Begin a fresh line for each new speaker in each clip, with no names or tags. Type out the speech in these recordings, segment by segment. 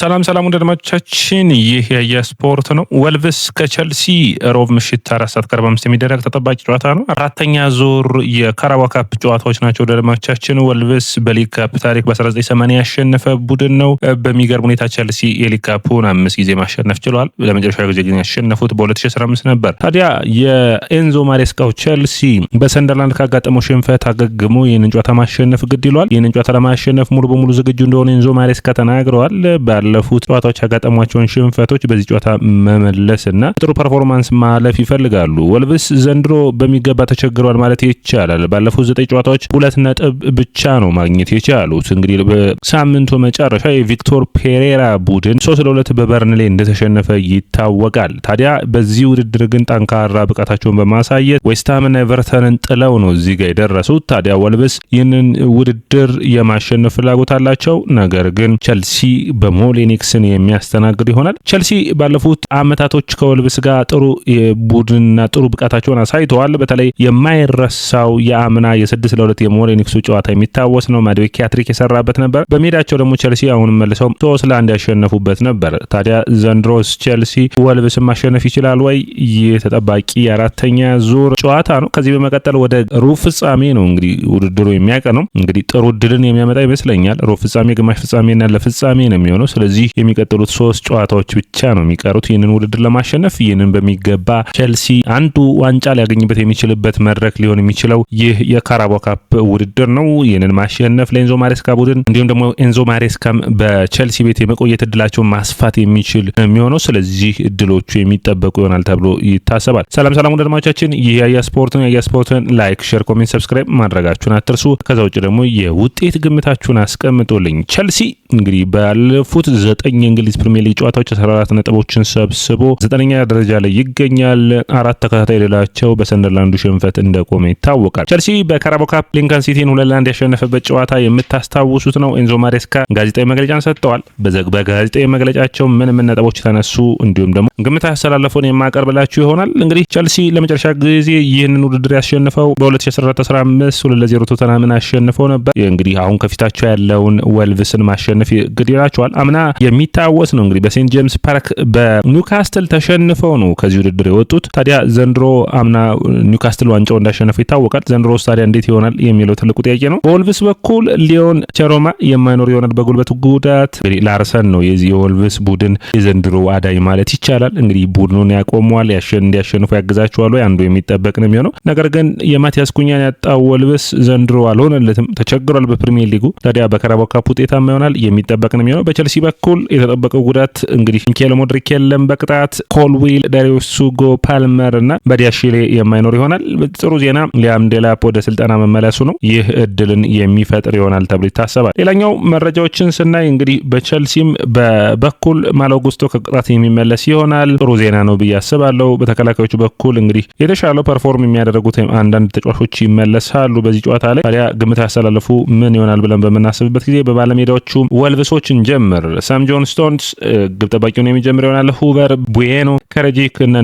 ሰላም ሰላም ወዳጆቻችን፣ ይህ የስፖርት ነው። ወልቭስ ከቸልሲ ሮብ ምሽት አራት ሰዓት ከአርባ አምስት የሚደረግ ተጠባቂ ጨዋታ ነው። አራተኛ ዙር የካራባ ካፕ ጨዋታዎች ናቸው ወዳጆቻችን። ወልቭስ በሊግ ካፕ ታሪክ በ1980 ያሸነፈ ቡድን ነው። በሚገርም ሁኔታ ቸልሲ የሊግ ካፑን አምስት ጊዜ ማሸነፍ ችሏል። ለመጨረሻ ጊዜ ግን ያሸነፉት በ2015 ነበር። ታዲያ የኤንዞ ማሬስካው ቸልሲ በሰንደርላንድ ካጋጠመው ሽንፈት አገግሞ ይህንን ጨዋታ ማሸነፍ ግድ ይሏል። ይህንን ጨዋታ ለማሸነፍ ሙሉ በሙሉ ዝግጁ እንደሆነ ኤንዞ ማሬስካ ተናግረዋል። ባለፉት ጨዋታዎች ያጋጠሟቸውን ሽንፈቶች በዚህ ጨዋታ መመለስ እና ጥሩ ፐርፎርማንስ ማለፍ ይፈልጋሉ። ወልቭስ ዘንድሮ በሚገባ ተቸግሯል ማለት ይቻላል። ባለፉት ዘጠኝ ጨዋታዎች ሁለት ነጥብ ብቻ ነው ማግኘት የቻሉት። እንግዲህ በሳምንቱ መጨረሻ የቪክቶር ፔሬራ ቡድን ሶስት ለሁለት በበርንሌ እንደተሸነፈ ይታወቃል። ታዲያ በዚህ ውድድር ግን ጠንካራ ብቃታቸውን በማሳየት ዌስትሃምና ኤቨርተንን ጥለው ነው እዚህ ጋር የደረሱት። ታዲያ ወልብስ ይህንን ውድድር የማሸነፍ ፍላጎት አላቸው። ነገር ግን ቸልሲ በሞላ ኦሌኒክስን የሚያስተናግድ ይሆናል። ቸልሲ ባለፉት አመታቶች ከወልብስ ጋር ጥሩ ቡድንና ጥሩ ብቃታቸውን አሳይተዋል። በተለይ የማይረሳው የአምና የስድስት ለሁለት የኦሌኒክሱ ጨዋታ የሚታወስ ነው። ማድዌኪ ኪያትሪክ የሰራበት ነበር። በሜዳቸው ደግሞ ቸልሲ አሁን መልሰው ሶስት ለአንድ ያሸነፉበት ነበር። ታዲያ ዘንድሮስ ቸልሲ ወልብስ ማሸነፍ ይችላል ወይ? ይህ ተጠባቂ የአራተኛ ዙር ጨዋታ ነው። ከዚህ በመቀጠል ወደ ሩብ ፍጻሜ ነው እንግዲህ ውድድሩ የሚያቀ ነው። እንግዲህ ጥሩ ድልን የሚያመጣ ይመስለኛል። ሩብ ፍጻሜ፣ ግማሽ ፍጻሜና ለፍጻሜ ነው የሚሆነው። በዚህ የሚቀጥሉት ሶስት ጨዋታዎች ብቻ ነው የሚቀሩት ይህንን ውድድር ለማሸነፍ። ይህንን በሚገባ ቼልሲ አንዱ ዋንጫ ሊያገኝበት የሚችልበት መድረክ ሊሆን የሚችለው ይህ የካራቦ ካፕ ውድድር ነው። ይህንን ማሸነፍ ለኤንዞ ማሬስካ ቡድን እንዲሁም ደግሞ ኤንዞ ማሬስካም በቼልሲ ቤት የመቆየት እድላቸውን ማስፋት የሚችል የሚሆነው ስለዚህ እድሎቹ የሚጠበቁ ይሆናል ተብሎ ይታሰባል። ሰላም ሰላም ውድ አድማጮቻችን፣ ይህ የአያ ስፖርትን የአያ ስፖርትን ላይክ፣ ሼር፣ ኮሜንት፣ ሰብስክራይብ ማድረጋችሁን አትርሱ። ከዛ ውጭ ደግሞ የውጤት ግምታችሁን አስቀምጡልኝ ቼልሲ እንግዲህ ባለፉት ዘጠኝ የእንግሊዝ ፕሪሚየር ሊግ ጨዋታዎች አስራ አራት ነጥቦችን ሰብስቦ ዘጠነኛ ደረጃ ላይ ይገኛል። አራት ተከታታይ ድላቸው በሰንደርላንዱ ሽንፈት እንደቆመ ይታወቃል። ቸልሲ በካራቦ ካፕ ሊንከን ሲቲን ሁለት ለአንድ ያሸነፈበት ጨዋታ የምታስታውሱት ነው። ኤንዞ ማሬስካ ጋዜጣዊ መግለጫን ሰጥተዋል። በጋዜጣዊ መግለጫቸው ምን ምን ነጥቦች ተነሱ፣ እንዲሁም ደግሞ ግምት ያስተላለፈውን የማቀርብላችሁ ይሆናል። እንግዲህ ቸልሲ ለመጨረሻ ጊዜ ይህንን ውድድር ያሸንፈው በ2014 15 ሁለት ለዜሮ ቶተናምን አሸንፈው ነበር። እንግዲህ አሁን ከፊታቸው ያለውን ወልቭስን ማሸ ማሸነፍ ግድ አምና የሚታወስ ነው እንግዲህ በሴንት ጄምስ ፓርክ በኒውካስትል ተሸንፈው ነው ከዚህ ውድድር የወጡት። ታዲያ ዘንድሮ አምና ኒውካስትል ዋንጫው እንዳሸነፈው ይታወቃል። ዘንድሮ ታዲያ እንዴት ይሆናል የሚለው ትልቁ ጥያቄ ነው። በወልቭስ በኩል ሊዮን ቸሮማ የማይኖር ይሆናል በጉልበት ጉዳት። እንግዲህ ላርሰን ነው የዚህ የወልቭስ ቡድን የዘንድሮ አዳኝ ማለት ይቻላል። እንግዲህ ቡድኑን ያቆመዋል፣ እንዲያሸንፉ ያግዛቸዋል ወይ አንዱ የሚጠበቅ ነው የሚሆነው። ነገር ግን የማቲያስ ኩኛን ያጣው ወልቭስ ዘንድሮ አልሆነለትም፣ ተቸግሯል በፕሪሚየር ሊጉ። ታዲያ በከራባው ካፕ ውጤታማ ይሆናል የሚጠበቅ ነው የሚሆነው። በቸልሲ በኩል የተጠበቀው ጉዳት እንግዲህ ሚኬል ሞድሪክ የለም፣ በቅጣት ኮልዊል፣ ዳሪዮስ ሱጎ፣ ፓልመር እና በዲያሽሌ የማይኖር ይሆናል። ጥሩ ዜና ሊያም ዴላፕ ወደ ስልጠና መመለሱ ነው። ይህ እድልን የሚፈጥር ይሆናል ተብሎ ይታሰባል። ሌላኛው መረጃዎችን ስናይ እንግዲህ በቸልሲም በበኩል ማለው ጉስቶ ከቅጣት የሚመለስ ይሆናል። ጥሩ ዜና ነው ብዬ አስባለሁ። በተከላካዮቹ በኩል እንግዲህ የተሻለው ፐርፎርም የሚያደርጉት አንዳንድ ተጫዋቾች ይመለሳሉ። በዚህ ጨዋታ ላይ ታዲያ ግምት ያስተላለፉ ምን ይሆናል ብለን በምናስብበት ጊዜ በባለሜዳዎቹ ወልብሶችን ጀምር። ሳም ጆን ስቶንስ ግብ ጠባቂውን የሚጀምር ይሆናል። ሁበር፣ ቡዬኖ፣ ከረጂክ እና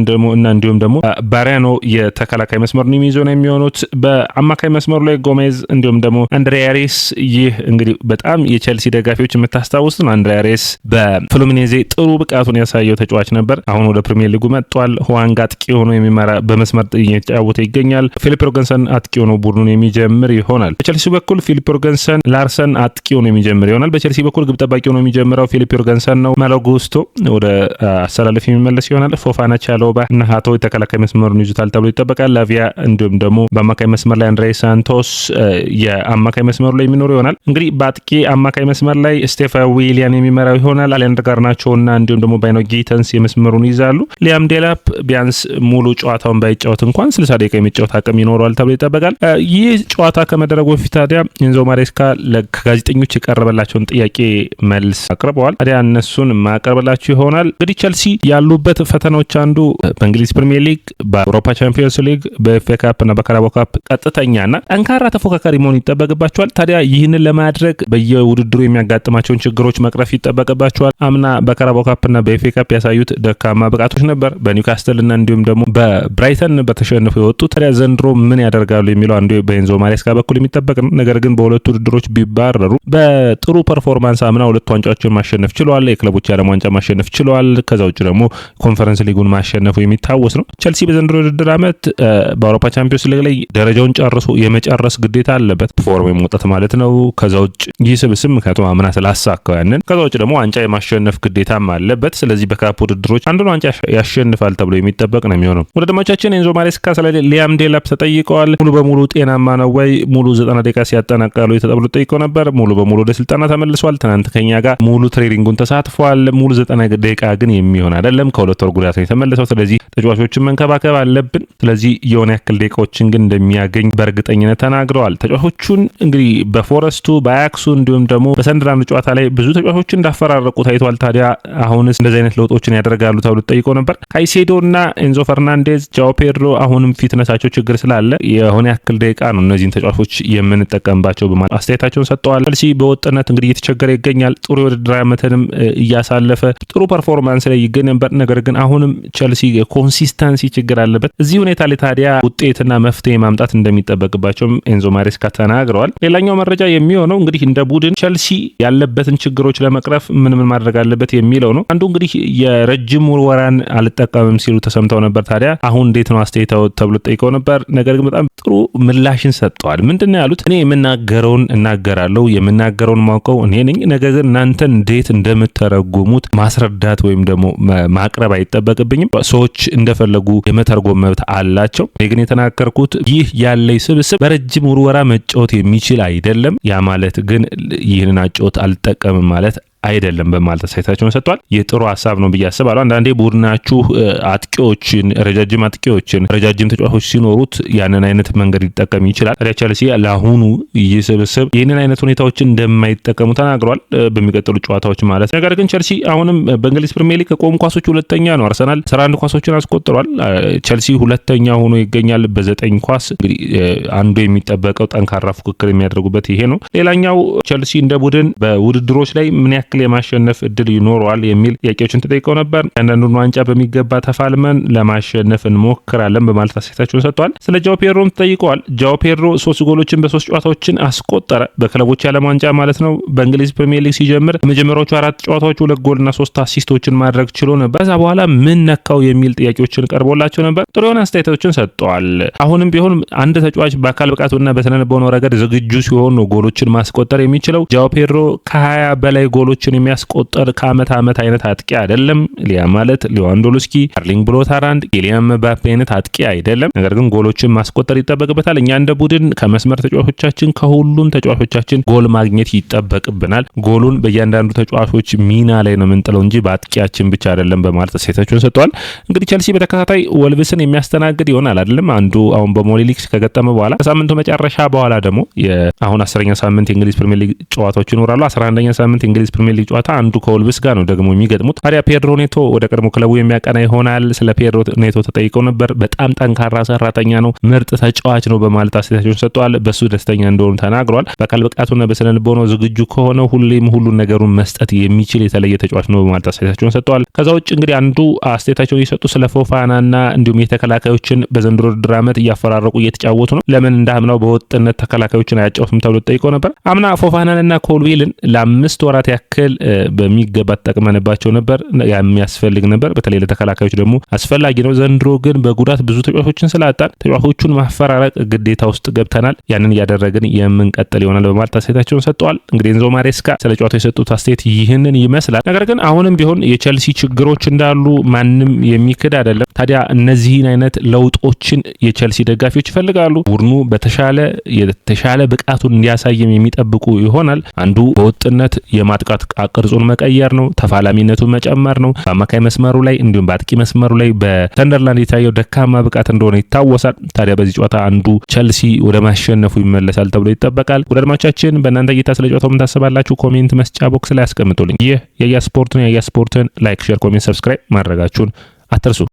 እንዲሁም ደግሞ ባሪያኖ የተከላካይ መስመሩን የሚይዞ ነው የሚሆኑት። በአማካይ መስመሩ ላይ ጎሜዝ እንዲሁም ደግሞ አንድሪያሬስ። ይህ እንግዲህ በጣም የቸልሲ ደጋፊዎች የምታስታውስ ነው። አንድሪያሬስ በፍሉሚኔዜ ጥሩ ብቃቱን ያሳየው ተጫዋች ነበር። አሁን ወደ ፕሪሚየር ሊጉ መጥቷል። ሁዋንጋ አጥቂ ሆኖ የሚመራ በመስመር እየተጫወተ ይገኛል። ፊሊፕ ሮገንሰን አጥቂ ሆኖ ቡድኑን የሚጀምር ይሆናል። በቸልሲ በኩል ፊሊፕ ሮገንሰን ላርሰን አጥቂ ሆኖ የሚጀምር ይሆናል። በቸልሲ በኩል ግብ ጠባቂ ሆኖ የሚጀምረው ፊሊፕ ዮርገንሰን ነው። ማሎ ወደ አሰላለፍ የሚመለስ ይሆናል። ፎፋና፣ ቻሎባ እና ሀቶ የተከላካይ መስመሩን ይዙታል ተብሎ ይጠበቃል። ላቪያ እንዲሁም ደግሞ በአማካይ መስመር ላይ አንድሬ ሳንቶስ የአማካይ መስመሩ ላይ የሚኖሩ ይሆናል። እንግዲህ በአጥቂ አማካይ መስመር ላይ ስቴፋ ዊሊያን የሚመራው ይሆናል። አሊያንድር ጋርናቾ እና እንዲሁም ደግሞ ባይኖ ጊተንስ የመስመሩን ይዛሉ። ሊያም ዴላፕ ቢያንስ ሙሉ ጨዋታውን ባይጫወት እንኳን ስልሳ ደቂቃ የሚጫወት አቅም ይኖረዋል ተብሎ ይጠበቃል። ይህ ጨዋታ ከመደረጉ በፊት ታዲያ ኢንዞ ማሬስካ ከጋዜጠኞች የቀረበላቸውን ጥያቄ ጥያቄ መልስ አቅርበዋል። ታዲያ እነሱን ማቀርብላችሁ ይሆናል። እንግዲህ ቸልሲ ያሉበት ፈተናዎች አንዱ በእንግሊዝ ፕሪሚየር ሊግ፣ በአውሮፓ ቻምፒዮንስ ሊግ፣ በኤፍ ኤ ካፕ እና በካራቦ ካፕ ቀጥተኛና ጠንካራ ተፎካካሪ መሆን ይጠበቅባቸዋል። ታዲያ ይህንን ለማድረግ በየውድድሩ የሚያጋጥማቸውን ችግሮች መቅረፍ ይጠበቅባቸዋል። አምና በካራቦ ካፕ እና በኤፍ ኤ ካፕ ያሳዩት ደካማ ብቃቶች ነበር። በኒውካስትል እና እንዲሁም ደግሞ በብራይተን በተሸንፉ የወጡ ታዲያ ዘንድሮ ምን ያደርጋሉ የሚለው አንዱ በኤንዞ ማሬስካ በኩል የሚጠበቅ ነው። ነገር ግን በሁለቱ ውድድሮች ቢባረሩ በጥሩ ፐርፎርማ ፓርማንስ ሳምና ሁለት ዋንጫዎችን ማሸነፍ ችሏል። የክለቦች የዓለም ዋንጫ ማሸነፍ ችሏል። ከዛ ውጭ ደግሞ ኮንፈረንስ ሊጉን ማሸነፉ የሚታወስ ነው። ቸልሲ በዘንድሮ ውድድር ዓመት በአውሮፓ ቻምፒዮንስ ሊግ ላይ ደረጃውን ጨርሶ የመጨረስ ግዴታ አለበት፣ ፎርም የመውጣት ማለት ነው። ከዛ ውጭ ይህ ስብስብ ምክንያቱም አምና ስላሳካው ያንን ከዛ ውጭ ደግሞ ዋንጫ የማሸነፍ ግዴታም አለበት። ስለዚህ በካፕ ውድድሮች አንዱን ዋንጫ ያሸንፋል ተብሎ የሚጠበቅ ነው የሚሆነው። ወደ ኤንዞ ማሬስካ ስለ ሊያም ዴላፕ ተጠይቀዋል። ሙሉ በሙሉ ጤናማ ነው ወይ ሙሉ ዘጠና ደቂቃ ሲያጠናቀሉ ተብሎ ጠይቀው ነበር። ሙሉ በሙሉ ወደ ስልጠና ተመልሷል። ተሳትፏል። ትናንት ከኛ ጋር ሙሉ ትሬዲንጉን ተሳትፏል። ሙሉ ዘጠና ደቂቃ ግን የሚሆን አይደለም። ከሁለት ወር ጉዳት ነው የተመለሰው። ስለዚህ ተጫዋቾችን መንከባከብ አለብን። ስለዚህ የሆነ ያክል ደቂቃዎችን ግን እንደሚያገኝ በእርግጠኝነት ተናግረዋል። ተጫዋቾቹን እንግዲህ በፎረስቱ በአያክሱ እንዲሁም ደግሞ በሰንደርላንድ ጨዋታ ላይ ብዙ ተጫዋቾችን እንዳፈራረቁ ታይቷል። ታዲያ አሁንስ እንደዚህ አይነት ለውጦችን ያደርጋሉ ተብሎ ጠይቆ ነበር። ካይሴዶ እና ኤንዞ ፈርናንዴዝ፣ ጃኦ ፔድሮ አሁንም ፊትነሳቸው ችግር ስላለ የሆነ ያክል ደቂቃ ነው እነዚህን ተጫዋቾች የምንጠቀምባቸው በማለት አስተያየታቸውን ሰጥተዋል። ቼልሲ በወጥነት እንግዲህ እየተቸገ እየተቸገረ ይገኛል። ጥሩ የውድድር ዓመትንም እያሳለፈ ጥሩ ፐርፎርማንስ ላይ ይገኝ ነበር። ነገር ግን አሁንም ቸልሲ ኮንሲስተንሲ ችግር አለበት። እዚህ ሁኔታ ላይ ታዲያ ውጤትና መፍትሄ ማምጣት እንደሚጠበቅባቸውም ኤንዞ ማሬስካ ተናግረዋል። ሌላኛው መረጃ የሚሆነው እንግዲህ እንደ ቡድን ቸልሲ ያለበትን ችግሮች ለመቅረፍ ምን ምን ማድረግ አለበት የሚለው ነው። አንዱ እንግዲህ የረጅም ውርወራን አልጠቀምም ሲሉ ተሰምተው ነበር። ታዲያ አሁን እንዴት ነው አስተያየተው ተብሎ ጠይቀው ነበር። ነገር ግን በጣም ጥሩ ምላሽን ሰጥተዋል። ምንድን ነው ያሉት? እኔ የምናገረውን እናገራለሁ፣ የምናገረውን ማውቀው እኔ ነኝ። ነገር ግን እናንተን እንዴት እንደምተረጉሙት ማስረዳት ወይም ደግሞ ማቅረብ አይጠበቅብኝም። ሰዎች እንደፈለጉ የመተርጎም መብት አላቸው። እኔ ግን የተናገርኩት ይህ ያለኝ ስብስብ በረጅም ውርወራ መጫወት የሚችል አይደለም። ያ ማለት ግን ይህንን አጫወት አልጠቀምም ማለት አይደለም በማለት አስተያየታቸውን ሰጥቷል። ይህ ጥሩ ሀሳብ ነው ብዬ አስባለሁ። አንዳንዴ ቡድናችሁ አጥቂዎችን፣ ረጃጅም አጥቂዎችን፣ ረጃጅም ተጫዋቾች ሲኖሩት ያንን አይነት መንገድ ሊጠቀም ይችላል። ታዲያ ቸልሲ ለአሁኑ ይህ ስብስብ ይህንን አይነት ሁኔታዎችን እንደማይጠቀሙ ተናግሯል። በሚቀጥሉ ጨዋታዎች ማለት ነገር ግን ቸልሲ አሁንም በእንግሊዝ ፕሪሚየር ሊግ ከቆሙ ኳሶች ሁለተኛ ነው። አርሰናል ስራ አንድ ኳሶችን አስቆጥሯል። ቸልሲ ሁለተኛ ሆኖ ይገኛል በዘጠኝ ኳስ። እንግዲህ አንዱ የሚጠበቀው ጠንካራ ፉክክር የሚያደርጉበት ይሄ ነው። ሌላኛው ቸልሲ እንደ ቡድን በውድድሮች ላይ ምን ያክል በትክክል የማሸነፍ እድል ይኖረዋል የሚል ጥያቄዎችን ተጠይቀው ነበር። ያንዳንዱን ዋንጫ በሚገባ ተፋልመን ለማሸነፍ እንሞክራለን በማለት አስተያየታቸውን ሰጥተዋል። ስለ ጃው ፔድሮም ተጠይቀዋል። ጃው ፔድሮ ሶስት ጎሎችን በሶስት ጨዋታዎችን አስቆጠረ። በክለቦች ያለም ዋንጫ ማለት ነው። በእንግሊዝ ፕሪሚየር ሊግ ሲጀምር የመጀመሪያዎቹ አራት ጨዋታዎች ሁለት ጎልና ሶስት አሲስቶችን ማድረግ ችሎ ነበር። ከዛ በኋላ ምን ነካው የሚል ጥያቄዎችን ቀርቦላቸው ነበር። ጥሩ የሆነ አስተያየቶችን ሰጥተዋል። አሁንም ቢሆን አንድ ተጫዋች በአካል ብቃቱና በስነ ልቦናው ረገድ ዝግጁ ሲሆን ነው ጎሎችን ማስቆጠር የሚችለው። ጃው ፔድሮ ከሀያ በላይ ጎሎች ጎሎችን የሚያስቆጠር ከአመት አመት አይነት አጥቂ አይደለም። ሊያ ማለት ሊዋንዶሎስኪ፣ አርሊንግ ብሎታራንድ፣ ኪሊያን ምባፔ አይነት አጥቂ አይደለም። ነገር ግን ጎሎችን ማስቆጠር ይጠበቅበታል። እኛ እንደ ቡድን ከመስመር ተጫዋቾቻችን ከሁሉም ተጫዋቾቻችን ጎል ማግኘት ይጠበቅብናል። ጎሉን በእያንዳንዱ ተጫዋቾች ሚና ላይ ነው የምንጥለው እንጂ በአጥቂያችን ብቻ አይደለም በማለት ሴቶችን ሰጥተዋል። እንግዲህ ቸልሲ በተከታታይ ወልብስን የሚያስተናግድ ይሆናል አይደለም አንዱ አሁን በሞሊሊክስ ከገጠመ በኋላ ከሳምንቱ መጨረሻ በኋላ ደግሞ አሁን አስረኛ ሳምንት የእንግሊዝ ፕሪሚየር ሊግ ጨዋታዎች ይኖራሉ። አስራ አንደኛ ሳምንት የእንግሊዝ ፕሪሚየር በፕሪሚየር ሊግ ጨዋታ አንዱ ከወልብስ ጋር ነው ደግሞ የሚገጥሙት። ታዲያ ፔድሮ ኔቶ ወደ ቀድሞ ክለቡ የሚያቀና ይሆናል። ስለ ፔድሮ ኔቶ ተጠይቀው ነበር። በጣም ጠንካራ ሰራተኛ ነው፣ ምርጥ ተጫዋች ነው በማለት አስተያየታቸውን ሰጥተዋል። በሱ ደስተኛ እንደሆኑ ተናግሯል። በአካል ብቃቱና በስነ ልቦናው ዝግጁ ከሆነ ሁሌም ሁሉን ነገሩን መስጠት የሚችል የተለየ ተጫዋች ነው በማለት አስተያየታቸውን ሰጥተዋል። ከዛ ውጭ እንግዲህ አንዱ አስተያየታቸውን እየሰጡ ስለ ፎፋናና እንዲሁም የተከላካዮችን በዘንድሮ ድር ዓመት እያፈራረቁ እየተጫወቱ ነው። ለምን እንደ አምናው በወጥነት ተከላካዮችን አያጫወቱም ተብሎ ተጠይቀው ነበር። አምና ፎፋናንና ኮልዌልን ለአምስት ወራት ያክል ማሻሻል በሚገባ ተጠቅመንባቸው ነበር። የሚያስፈልግ ነበር፣ በተለይ ለተከላካዮች ደግሞ አስፈላጊ ነው። ዘንድሮ ግን በጉዳት ብዙ ተጫዋቾችን ስላጣን ተጫዋቾቹን ማፈራረቅ ግዴታ ውስጥ ገብተናል። ያንን እያደረግን የምንቀጥል ይሆናል በማለት አስተያየታቸውን ሰጥተዋል። እንግዲህ ኤንዞ ማሬስካ ስለ ጨዋታው የሰጡት አስተያየት ይህንን ይመስላል። ነገር ግን አሁንም ቢሆን የቸልሲ ችግሮች እንዳሉ ማንም የሚክድ አይደለም። ታዲያ እነዚህን አይነት ለውጦችን የቸልሲ ደጋፊዎች ይፈልጋሉ። ቡድኑ በተሻለ የተሻለ ብቃቱን እንዲያሳይም የሚጠብቁ ይሆናል። አንዱ በወጥነት የማጥቃት ማጥቃት ቅርጹን መቀየር ነው፣ ተፋላሚነቱን መጨመር ነው። በአማካይ መስመሩ ላይ እንዲሁም በአጥቂ መስመሩ ላይ በሰንደርላንድ የታየው ደካማ ብቃት እንደሆነ ይታወሳል። ታዲያ በዚህ ጨዋታ አንዱ ቸልሲ ወደ ማሸነፉ ይመለሳል ተብሎ ይጠበቃል። ወደ አድማቻችን በእናንተ እይታ ስለ ጨዋታው ምን ታስባላችሁ? ኮሜንት መስጫ ቦክስ ላይ አስቀምጡልኝ። ይህ የያስፖርትን የያስፖርትን ላይክ፣ ሼር፣ ኮሜንት፣ ሰብስክራይብ ማድረጋችሁን አትርሱ።